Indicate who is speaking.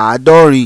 Speaker 1: àádọ́rin